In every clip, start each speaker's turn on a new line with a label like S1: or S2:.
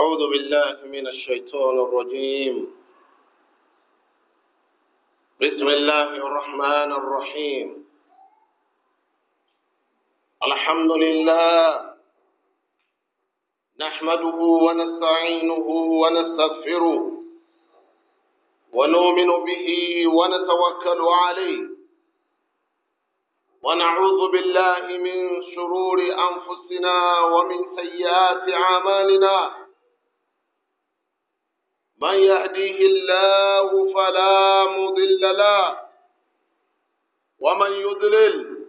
S1: أعوذ بالله من الشيطان الرجيم بسم الله الرحمن الرحيم الحمد لله نحمده ونستعينه ونستغفره ونؤمن به ونتوكل عليه ونعوذ بالله من شرور أنفسنا ومن سيئات أعمالنا من يهديه الله فلا مضل له ومن يضلل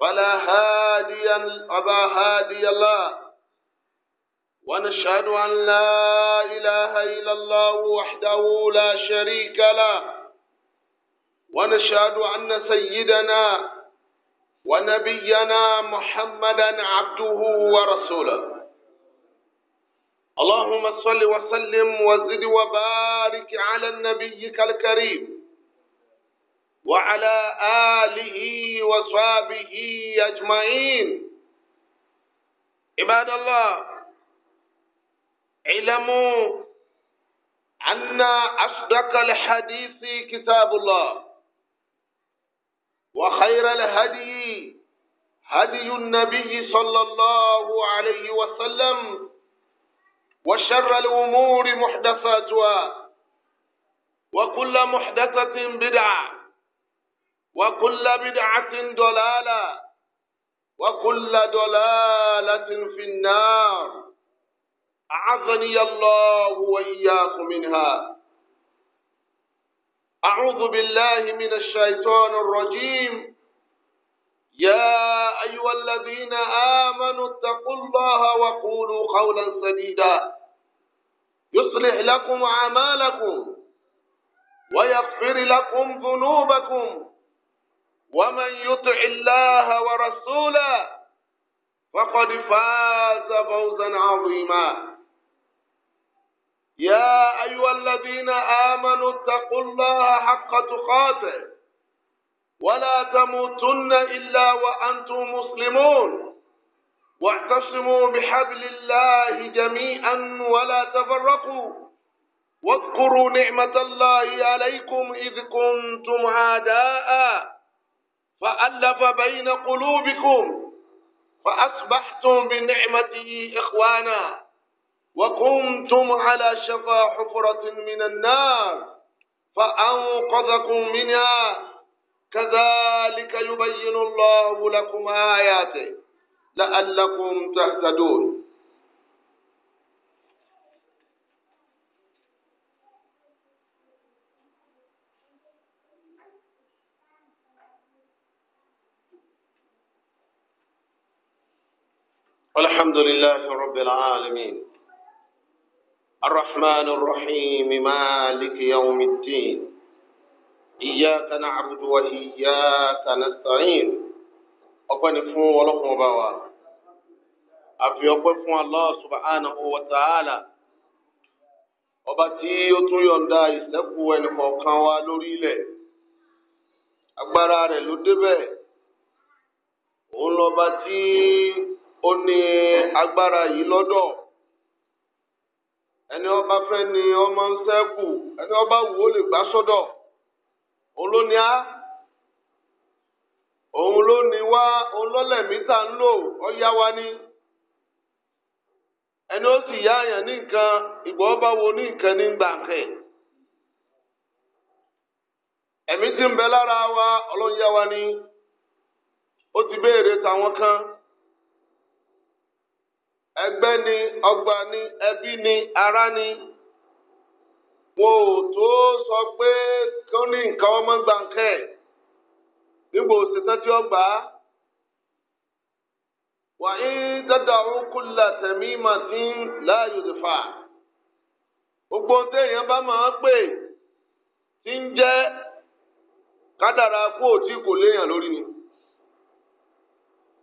S1: فلا هادي فلا هادي له ونشهد أن لا إله إلا الله وحده لا شريك له ونشهد أن سيدنا ونبينا محمدا عبده ورسوله اللهم صل وسلم وزد وبارك على نبيك الكريم وعلى آله وصحبه أجمعين عباد الله علموا أن أصدق الحديث كتاب الله وخير الهدي هدي النبي صلى الله عليه وسلم وشر الأمور محدثاتها وكل محدثة بدعة وكل بدعة ضلالة وكل ضلالة في النار أعظني الله وإياكم منها أعوذ بالله من الشيطان الرجيم يا أيها الذين آمنوا اتقوا الله وقولوا قولا سديدا يصلح لكم أعمالكم ويغفر لكم ذنوبكم ومن يطع الله ورسوله فقد فاز فوزا عظيما يا أيها الذين آمنوا اتقوا الله حق تقاته ولا تموتن إلا وأنتم مسلمون واعتصموا بحبل الله جميعا ولا تفرقوا واذكروا نعمة الله عليكم إذ كنتم عداء فألف بين قلوبكم فأصبحتم بنعمته إخوانا وكنتم على شفا حفرة من النار فأنقذكم منها كذلك يبين الله لكم آياته لعلكم تهتدون الحمد لله رب العالمين الرحمن الرحيم مالك يوم الدين إياك نعبد وإياك نستعين ọpẹ́ ni fún ọlọ́kùnrin ọba wa àfi ọpẹ́ fún Allah subhanahu wa ta'ala ọba tí ó tún yọ̀ǹda ìṣẹ́kù ẹnìkọ̀ọ̀kan wa lórí ilẹ̀ agbára rẹ̀ ló débẹ̀ òun lọ́ba tí ó ní agbára yìí lọ́dọ̀ ẹni ọba fẹ́ ni ọmọ ń ṣẹ́kù ẹni ọba wù lè gbá sọ́dọ̀ òun òun ló ní wá òun ló lẹ̀mí tá ń lò ọ̀yá wa ní. ẹni ó sì yá àyàn ní nǹkan ìgbà ọba wo ní nǹkan ní gbàǹkẹ́. ẹ̀mí ń bẹ lára wa ọlọ́run yá wa ní ó ti béèrè tàwọn kan ẹgbẹ́ ni ọgbà ni ẹbí ni ará ni wọn ò tó sọ pé kí ó ní nǹkan ọmọ gbàǹkẹ́. nígbà òṣìṣẹ́ tí ó gbà á. wàyí dáadáa kúlà tẹ̀mí màtí láàyò lè fà. gbogbo téèyàn bá máa pè tí ń jẹ́ kádàrá kú òtí kò léèyàn lórí ni.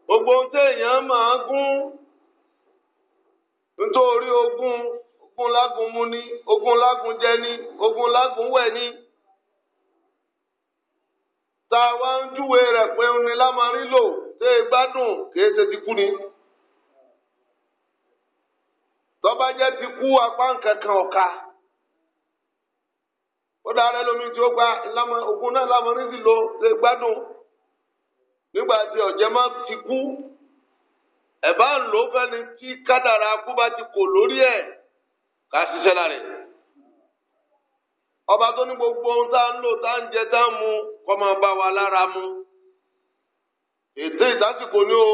S1: gbogbo téèyàn máa gún nítorí ogún ogún lágùn mú ní ogún lágùn jẹ ní ogún lágùn wẹ̀ ní tá a wá ń júwe rẹ̀ pé ń lámarí lò ṣé e gbádùn kìí ṣe ti kú ni. tọ́ba jẹ́ ti kú apá nkankan ọ̀ka ó dára lómi tí ó gba ògùn náà lámarí sí lò ṣé e gbádùn nígbà tí ọ̀jẹ̀ má ti kú ẹ̀bá ń lò ó fẹ́ni tí kádàrá kú bá ti kò lórí ẹ̀ ká ṣiṣẹ́ lára ọba tó ní gbogbo ohun tá a ń lò tá a ń jẹ tá a ń mu kọ́ máa bá wa lára mu ètè ìdásìkò ni o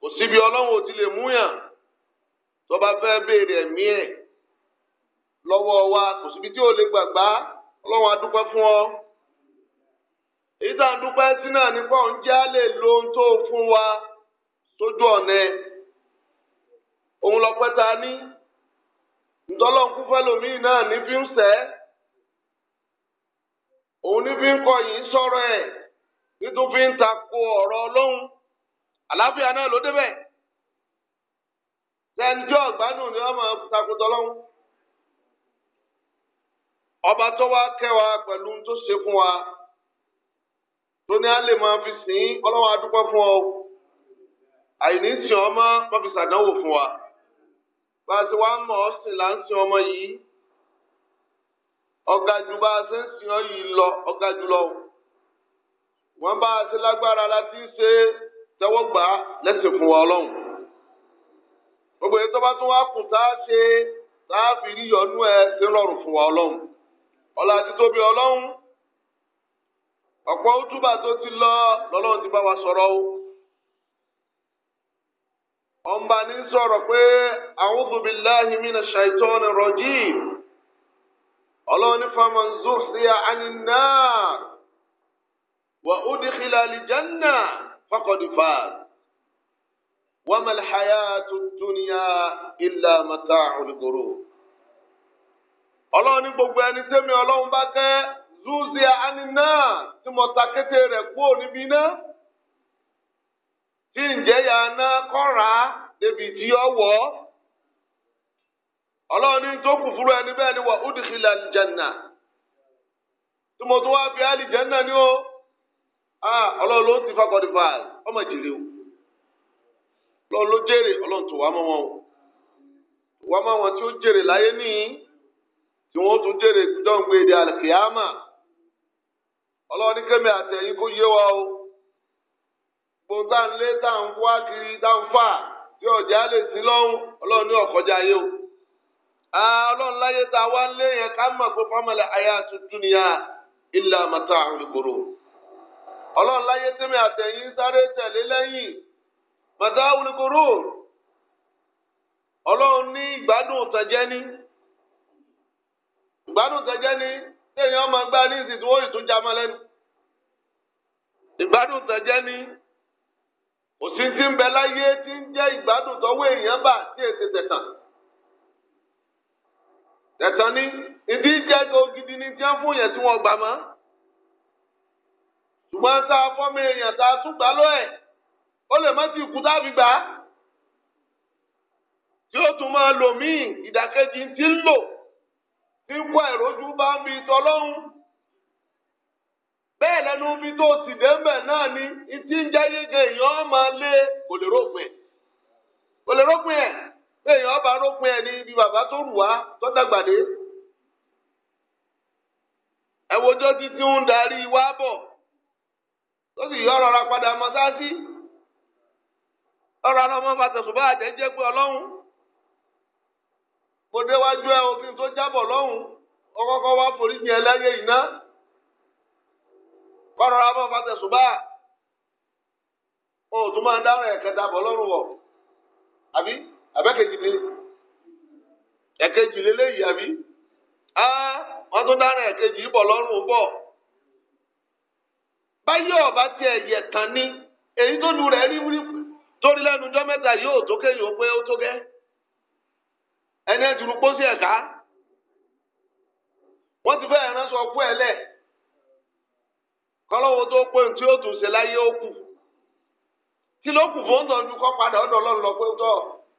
S1: kò síbi ọlọ́run ò ti lè mú yàn tó bá fẹ́ béèrè ẹ̀mí ẹ̀ lọ́wọ́ wa kò síbi tí ò lè gbàgbá ọlọ́run a dúpẹ́ fún ọ èyí tá à ń dúpẹ́ sí náà nípa òun á lè lo ohun tó fún wa sójú ọ̀nà ẹ̀ òun lọ́pẹ́ ta ní ntọ́lọ́nkú fẹ́lòmíì náà ní fi òun ní nkọ ń sọrọ yìí sọ̀rọ̀ ẹ̀ títún fi ń takò ọ̀rọ̀ ọlọ́run àlàáfíà náà ló débẹ̀ sẹ́ńjọ́ ọ̀gbánù ni wọ́n máa takò ọba tó wá kẹwàá pẹ̀lú tó ṣe fún wa tó ní lè máa fi sìn fún ọ àìní ọmọ fún wa bá a ti wá ọ̀gá jù bá a ṣe ń sìn ọ́ yìí lọ lọ. wọ́n bá a ṣe lágbára láti ṣe tẹ́wọ́ gbà á lẹ́sìn fún wa ọlọ́run. gbogbo tó bá tún wá kù tá a ṣe tá a fi yíyọnú ẹ ṣe fún wa ọlọ́run. ọlá ọ̀pọ̀ tó ti lọ lọ́lọ́run ti bá wa sọ̀rọ̀ o. sọ̀rọ̀ pé ọlọ́run ní faman zuhziya anin nar wa udkhila aljanna faqad faz wa mal hayatu dunya illa mata'ul ghurur ọlọ́run ní gbogbo ẹni tẹ́mi ọlọ́run bá kẹ́ zuhziya anin tí mo ta kété rẹ̀ kúrò níbi náà tí ǹjẹ́ yà á kọ́ra débi tí ọ wọ̀ ọ́. ọlọ́run ní tó kù fúru ẹni bẹ́ẹ̀ ni wà údìkìlà jẹ̀nà tí mo tún wá fi àlì jẹ̀nà ni ó ọlọ́run ló ti fà ọmọ o ọlọ́run ló jèrè ọlọ́run tó wá mọ́ wọn o wá mọ́ wọn tí ó jèrè láyé nìyí tí wọ́n tún jèrè o gbogbo tá à ń wá kiri fà tí o. ọlọ́run láyé tá a wá lé yẹn ká mọ̀ pé fámọ́lẹ̀ ayé àtúndúnìyà ilẹ̀ àmọ́tà àwọn ìgboro ọlọ́run tẹ́mi àtẹ̀yìn sáré tẹ̀lé lẹ́yìn mọ̀tà àwọn ọlọ́run ní ìgbádùn tẹ̀jẹ́ ní ìgbádùn tẹ̀jẹ́ ní téèyàn gbá ní ìtún lẹ́nu ìgbádùn tẹ̀jẹ́ ní òsì ti ń bẹ ẹ̀tàn ni ìdí jẹ́gẹ́ ògidì ni tí wọ́n fún yẹn tí wọ́n gbà mọ́. ṣùgbọ́n tá a fọ́mọ èèyàn tá a tún gbà lọ́ ẹ̀ ó lè má ti kú tábì gbà á. tí ó tún máa lò míì ìdàkejì ti ń lò tí ń kó bá ń bi tọ́lọ́hún. bẹ́ẹ̀ lẹ́nu bí tó sì dẹ́mbẹ̀ náà ni ìtí ń jẹ́ yege èèyàn máa lé kò lè rópin ẹ̀ ẹ̀. èèyàn ọba rópin ẹni ibi bàbá tó rù wá tó dàgbàdé ẹwọjọ ti ti ń darí wá bọ̀ tó sì yọ ọ̀rọ̀ ra padà mọ́sáàsì ọ̀rọ̀ ara ọmọ bàtà ṣùgbọ́n jẹ́ pé ọlọ́run mo déwájú ẹ òfin tó jábọ̀ lọ́hùn wá forí ní ọmọ òtún máa abẹ́kejì ni ẹ̀kejì ekeji àbí á wọ́n tún dára ẹ̀kejì bọ̀ lọ́rùn bọ̀ báyìí ọba tiẹ̀ yẹ̀ tán ni èyí tó lu rẹ̀ rí o torí lẹ́nu jọ́ mẹ́ta yóò tó kéyìn ó pé ó tó gẹ́ ẹni ẹ̀ dùrú ti fẹ́ ránṣọ kú ẹ lẹ̀ kọ́lọ́wọ́ tó pé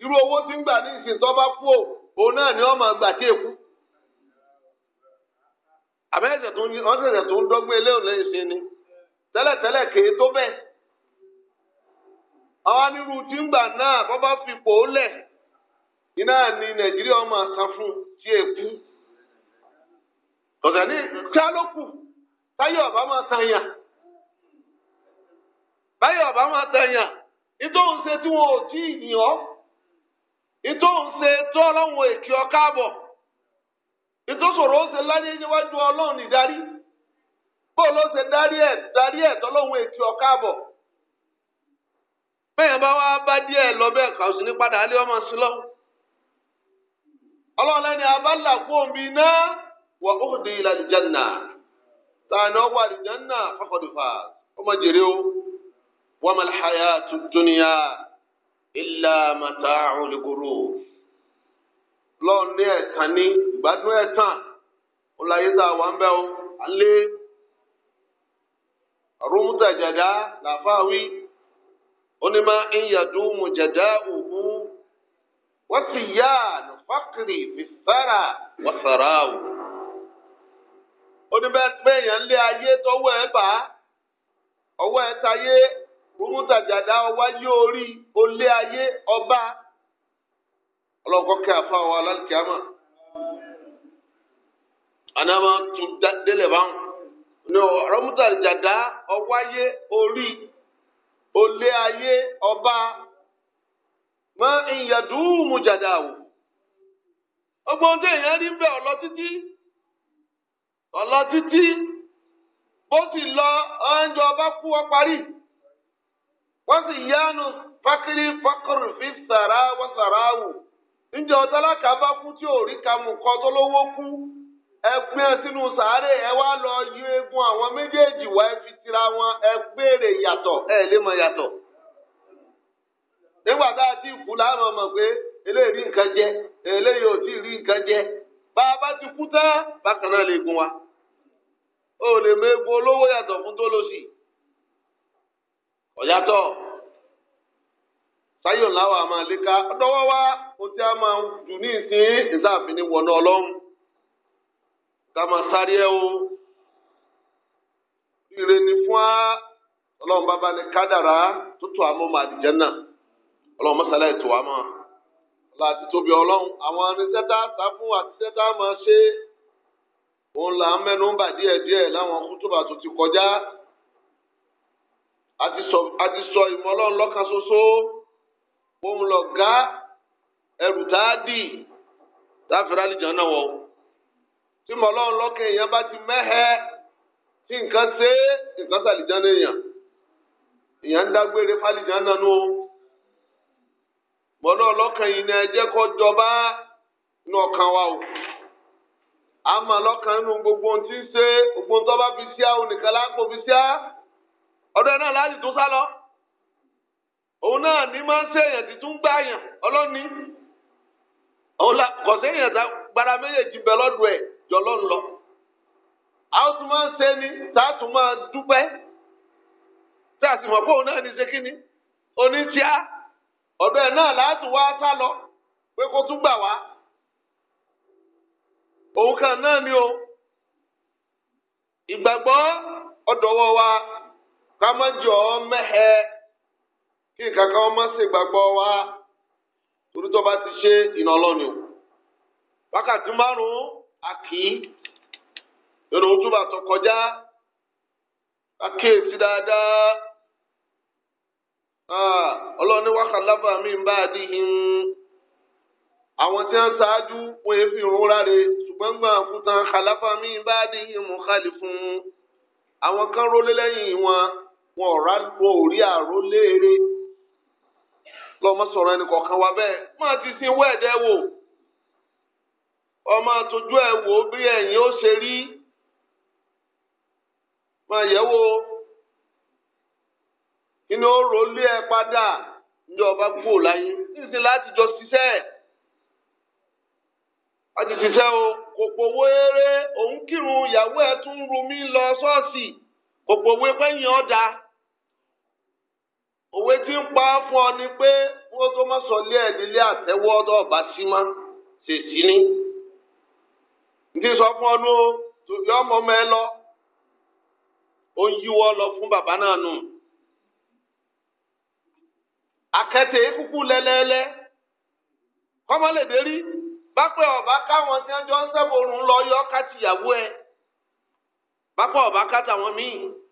S1: irú owó tí ń gbà ní ìsìn tó bá kú òun náà ni wọ́n gbà tí èkú. àbẹ́sẹ̀ tó ń ní wọ́n ṣẹ̀ṣẹ̀ tó ń dọ́gbọ́n eléyìí lẹ́yìn sí ni tẹ́lẹ̀tẹ́lẹ̀ kèé tó bẹ́ẹ̀. àwọn anirú tí ń gbà náà kọ́ bá fipò ó lẹ̀ iná ni nàìjíríà máa san fún tí èkú. ọ̀sẹ̀ ní kí á ló kù táyọ̀ ọ̀bá máa san báyọ̀ ọ̀bá máa san yàn nítorí ṣe tí wọn ò tí ì yàn ọ́. ìtòhùn ṣe tó ọlọ́run èkì ọ̀ká àbọ̀ ìtòsòrò ó ṣe láyé níwájú ọlọ́run ìdarí bóò ló ṣe darí ẹ̀ darí ẹ̀ tọ́lọ́run èkì ọ̀ká àbọ̀ bẹ́ẹ̀ bá wá bá díẹ̀ lọ bẹ́ẹ̀ kà ó ní padà alẹ́ ọmọ sí lọ. ọlọ́run lẹ́ni abala fóun bíi na wà ó di ìlànà ìjànà tààna wà ọmọ jèrè o tuntun illa mata olùkóró lọ́ọ̀ ní ẹ̀tàn ní ìgbádùn ẹ̀tàn ó láyé tá o à ń lé rúmùtà jàdá làfáàwí onímọ̀ ìyàdùn mùjàdá òhù wọ́n sì yá fákìrì fìfẹ́rà wọ́n sàrà o rúmútàjàdá ọwáyé orí olé ayé ọba ọlọ́kọ́ kẹ́ àfa wa lálùkíyàmà anamọ tún délẹ̀ báwọn ní rúmútàjàdá ọwáyé orí olé ayé ọba mọ ìyàdúùmù jàdá wò ọgbọ́n tó èèyàn rí bẹ́ẹ̀ ọlọ títí ọlọ títí bó lọ ọba kú ọ waziyanu fakiri fakiri fi sara wasarawu njẹ ọtálákà bá kú tí ò ori kamù kọ tó lówó kú ẹgbẹ́ ẹ sínú sàárè ẹ wá lọ yí eegun àwọn méjèèjì wá fi tira wọn ẹ gbére yàtọ̀ ẹ lè mọ nígbà tá a ti kú láàrọ̀ mọ̀ pé eléyìí rí nǹkan jẹ eléyìí ò tí ì rí nǹkan jẹ bá a bá ti kú tán bákan náà lè gun wa ó lè mọ eegun olówó yàtọ̀ fún tó lọ sí i. ọ̀yàtọ̀ sáyọ̀ láwà máa léka ọ̀dọ́wọ́ wá o ti á máa jù ní ìsín ìsáàfin ní wọ̀nà ọlọ́run ká máa sáré ẹ o ire ni fún á ọlọ́run bàbá ni kádàrá tútù àmọ́ máa dìjẹ́ náà ọlọ́run mọ́sálá ètò àmọ́ láti tóbi ọlọ́run àwọn anisẹ́tà sá fún máa ṣe òun là ń mẹ́nu bà díẹ̀díẹ̀ láwọn kútùbà tó ti kọjá àti sọ ìmọ̀ ọlọ́run lọ́kan ṣoṣo òun lọ gá ẹrù tá a dì láfẹ́rẹ́ àlìjàn náà wọ̀ tí ìmọ̀ ọlọ́run lọ́kàn èèyàn bá ti mẹ́hẹ́ tí nǹkan ṣe nǹkan sàlìjàn náà èèyàn èèyàn ń dágbére fàlìjàn náà nù mọ̀nà ọlọ́kàn yìí ni ẹ jẹ́ kó jọba inú ọkàn wa o àmọ́ ọlọ́kàn nínú gbogbo ohun tí ń ṣe gbogbo ohun tó bá fi ṣíá onìkan lápò fi ṣíá ọ̀dọ̀ náà láti tún sá lọ òun náà ní máa ń ṣèyàn tí tún gbá yàn ọlọ́ni kò séyàn tá gbára méjèèjì bẹ lọ́dọ̀ ẹ̀ jọ lọ́n lọ a ó tún máa ń ṣe ni tá a tún máa dúpẹ́ tá a sì mọ̀ pé òun náà ní ṣe kí ni oníṣíá ọ̀dọ̀ ẹ̀ náà láti wá sá lọ pé kó tún gbà wá òun kan náà ni o ìgbàgbọ́ ọ̀dọ̀wọ́ wa. ká má jọ ọ mẹ́hẹ kí nǹkan kan má gbàgbọ́ wa torí tó bá ti ṣe ìnà ọlọ́ni o wákàtí márùn-ún àkì nínú ojúbà tó kọjá àkíyèsí dáadáa ọlọ́ni wákàlábà mi ń bá àdìhìn àwọn tí wọ́n ṣáájú wọ́n yẹ fi hàn ráre ṣùgbọ́n gbà fún tán kàláfà mi ń bá àdìhìn mú kálí fún àwọn kan rólé lẹ́yìn wọn. wọn ọ̀rá wọn ò rí àró léere lọ́mọ sọ̀rọ̀ ẹnì kọ̀ọ̀kan wa bẹ́ẹ̀ máa ti sin wẹ́ẹ̀dẹ́ wò ọmọ àtọ́jú ẹ wò bí ẹ̀yìn ó ṣe rí máa yẹ̀ wò inú ó rò lé ẹ padà ní ọba kú láyé níṣẹ́ láti jọ ṣiṣẹ́ láti ṣiṣẹ́ o kò pòwó eré òun kírun ìyàwó ẹ̀ tún mí lọ ṣọ́ọ̀ṣì kò pòwó pẹ́yìn ọ̀dà. òwe tí ń pa fún ọ ni pé wọ́n tó má sọ lé ẹ̀ nílé àtẹ́wọ́ ọ̀bá sí mọ́ ṣèṣì ni. n ti sọ fún ọ tòbí ọmọ ọmọ ẹ lọ ó ń yíwọ́ lọ fún bàbá náà nù. àkẹ́tẹ̀ kúkú lẹ́lẹ́lẹ́ kọ́mọ́ lè dé rí ọba káwọn tí jọ ń lọ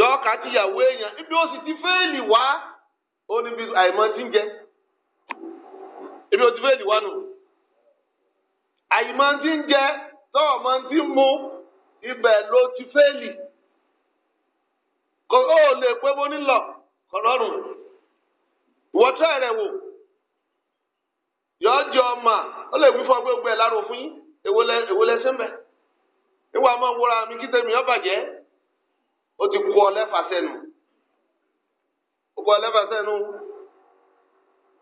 S1: yọ ya tíyàwó èèyàn ibi ó sì ti fẹ́ẹ̀lì wá ó níbi àìmọ́ ti ń jẹ ebe ó ti wá nù ti ti mu ibẹ̀ ti fẹ́ẹ̀lì kò ó lè pé mo nílò kọ̀rọ̀rùn wọ́tẹ́ rẹ̀ wò yọjọ ọmọ ó lè wí ó ti kú ọ lẹ́fà sẹ́nu ó kú ọ lẹ́fà sẹ́nu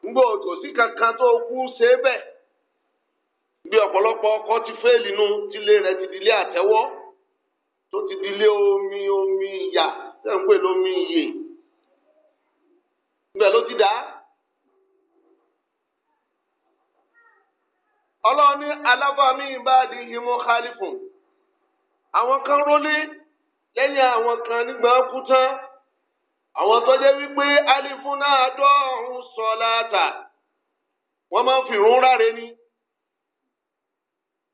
S1: ngbọ́ òtòsí kankan tó kú ṣe bẹ́ẹ̀ bí ọ̀pọ̀lọpọ̀ ọkọ ti fẹ́ẹ̀lì nu tílé rẹ̀ ti dilé àtẹ́wọ́ tó ti dilé omi omi ìyà tẹ̀ ń pè lómi ìyè ibẹ̀ ló ti dá. ọlọ́ọ̀ni alábàámi ìbáàdì ìmọ̀ kálífù àwọn kan rólé lẹ́yìn àwọn kan nígbà kú tán àwọn tó jẹ́ wípé alifuna àádọ́rùn sọ̀láàtà wọ́n máa ń fi irun ráre ni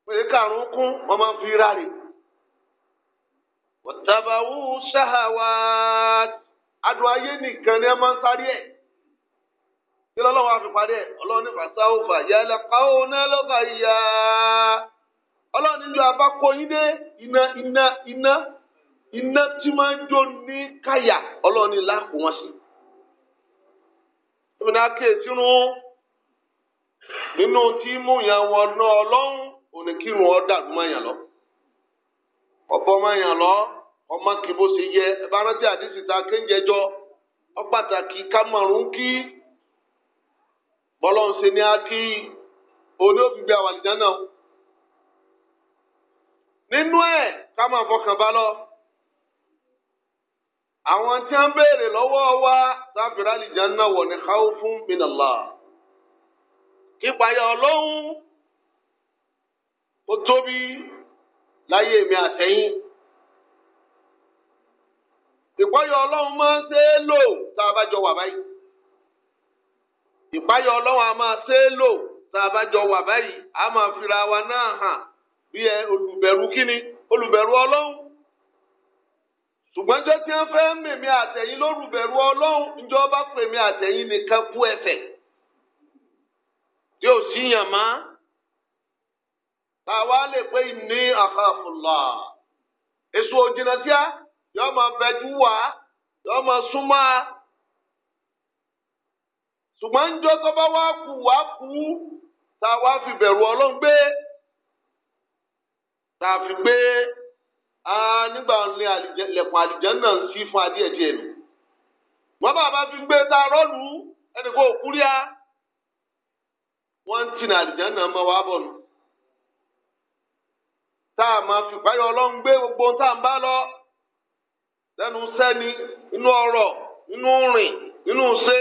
S1: pé kàrún kún wọ́n máa ń fi ráre. wọ́tàbàwù ṣáhàwá adùn ayé nìkan ni ẹ máa ń sáré ẹ̀ kí lọ́lọ́wọ́ àfipárí ẹ̀ ọlọ́run ní fàṣáwò fàyàlẹ̀ káwọn náà lọ́gàá ìyá ọlọ́run nílò abákọ́yídé iná iná iná iná tí máa ń jó ní káyà ọlọ́run ní láàkó wọn sí. ìbùdó akéèsí rún nínú tí mú yàn wọn ná ọlọ́run òní kírun ọ̀dà tó máa yàn lọ. ọ̀bọ máa yàn lọ ọmọ kì bó ṣe yẹ ẹ rántí àdìsí ta kéńjẹjọ ọ pàtàkì kámọ̀rún kí bọ́lọ́n ṣe ní á òní ó gbé àwàlìjá nínú ẹ̀ ká máa fọkàn bá lọ àwọn tí wọ́n béèrè lọ́wọ́ wa sáfìrà àlìjáná wọ̀ ní khawfun minallah ìpayà ọlọ́run ó tóbi láyé mi àtẹ̀yìn ìpayà ọlọ́run máa ń ṣe é lò tá a bá jọ wà báyìí ìpayà ọlọ́run a máa ṣe é lò tá a bá jọ wà báyìí a máa fira wa náà hàn bí olùbẹ̀rù kíni olùbẹ̀rù ọlọ́run ṣùgbọ́n jẹ́ tí wọ́n fẹ́ mèmí àtẹ̀yìn lóru bẹ̀rù ọlọ́run ìjọba pèmí àtẹ̀yìn nìkan kú ẹ̀fẹ̀ tí ò síyàn má tàwa lè pé ní àkàfùlà èso òjìnà tíá yọọ máa bẹjú wá yọọ máa súnmọ́ a ṣùgbọ́n ń tó bá wá kú wá kú tàwa fi bẹ̀rù ọlọ́run gbé tàfi gbé. nígbà ńlẹ lẹ̀kùn sí fún adíẹ díẹ̀ wọ́n wọn bàbá fi gbé tá a rọlù ẹnì kó kúríà Wọ́n ń tìǹà àlìjẹnà wà wàá bọ nù tá a máa fi ìpáyọ Ọlọ́run gbé gbogbo tá a ń bá lọ lẹ́nu sẹ́ni inú inú rìn inú ṣe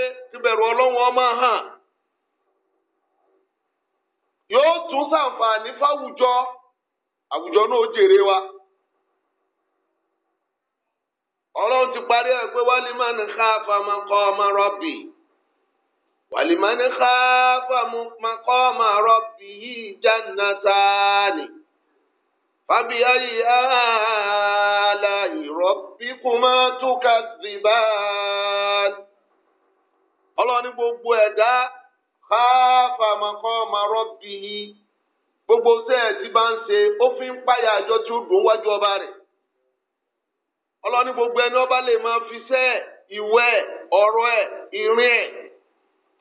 S1: ọmọ hàn yóò tún fáwùjọ àwùjọ náà ó wa. ọlọ́run ti parí ẹ̀ pé wálímánì káfà máa kọ́ ọmọ rọ́bì wálímánì káfà máa kọ́ ọmọ rọ́bì yìí jánnátánì fábí ayé ààlà ìrọ́bí kò máa túkà dìbà. ọlọ́run ní gbogbo ẹ̀dá káfà máa kọ́ ọmọ rọ́bì yìí gbogbo sẹ́ẹ̀ tí bá ń ṣe ó fi ń páyà àjọ tí ó dùn wájú ọba rẹ̀. ọlọ́ni gbogbo ẹni ọba lè máa fi sẹ́ ìwẹ́ ọ̀rọ̀ ẹ̀ ìrìn ẹ̀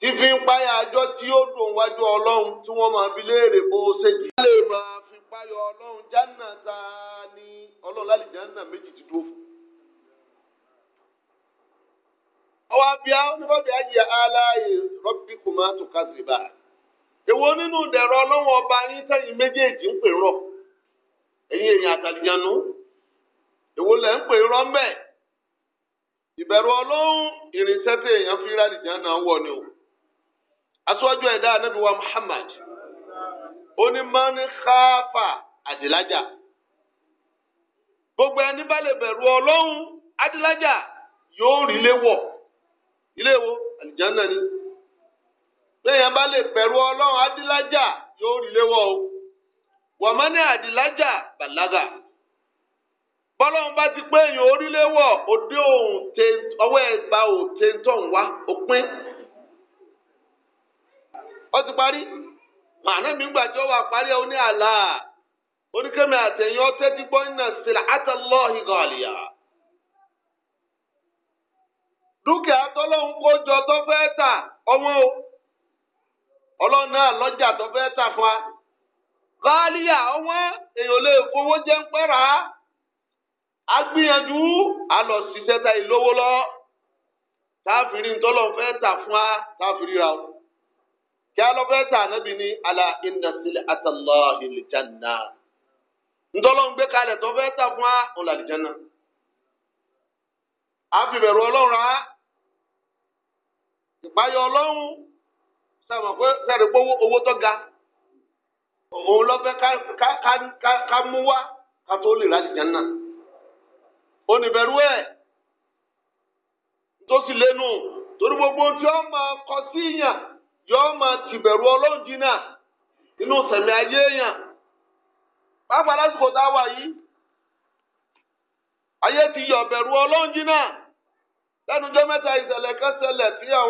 S1: tí fi ń páyà àjọ tí yóò dùn wájú ọlọ́run tí wọ́n máa fi léèrè bó ṣe jù. wọ́n lè máa fi payọ ọlọ́run jánà ta ni ọlọ́run láti jánà méjì ti dúró fún. ọwọ́ ayé aláàyè rọ́bì kò máa ọba yín sẹ́yìn méjèèjì ń pè rọ̀ èwo lẹ ń pè irọ́ mbẹ́ ìbẹ̀rù ọlọ́run ìrìnsẹ́ tí èèyàn fi rálì jẹ́ náà wọ̀ ni o aṣáájú ẹ̀dá anábì wa Muhammad onímọ̀ọ́ni káfà àdìlájà gbogbo ẹni bá lè bẹ̀rù ọlọ́run àdìlájà yóò rí ilé wọ̀ ilé wo àlìjánná ni lẹ́yìn bá lè bẹ̀rù ọlọ́run àdìlájà yóò rí ilé wọ̀ o wàmánì àdìlájà bàlágà. bọ́lọ́run bá ti pé èèyàn orílẹ̀-èwọ̀ òde òun tẹ ọwọ́ ẹgbà òun tẹ tọ̀hún wá òpin ó ti parí màánà mi gbà tí ó wà parí ẹ oní àlá oníkẹ́mi àtẹ̀yìn ọtẹ́ ti gbọ́ iná sílẹ̀ àtàlọ́ọ̀hì gàlíyà. dúkìá tọ́lọ́hún kó jọ tó fẹ́ tà o ọlọ́run náà lọ́jà agbìyànjú a lọ ṣiṣẹ́ ta ìlówó lọ táàfìrí ntọ́lọ́ fẹ́ tà fún wa táàfìrí ra o kí a fẹ́ tà nábì ní ala inna sil'ata Allahi al-janna ntọ́lọ́ ń gbé kalẹ̀ tó fẹ́ tà fún wa òun là al-janna a fi bẹ̀rù ọlọ́run á ìpayọ̀ ọlọ́run sàmà pé sàrè pé owó tó ga òun lọ fẹ́ ká mú wa ká tó lè ra al oníbẹ̀rù ẹ̀ tó sì lẹ́nu torí gbogbo tí ó máa kọ sí yàn yóò máa tìbẹ̀rù ọlọ́run jìnnà inú sẹ̀mí ayé yàn pápá lásìkò tá a wà yìí ayé ti bẹ̀rù ọlọ́run lẹ́nu jẹ́ mẹ́ta ìṣẹ̀lẹ̀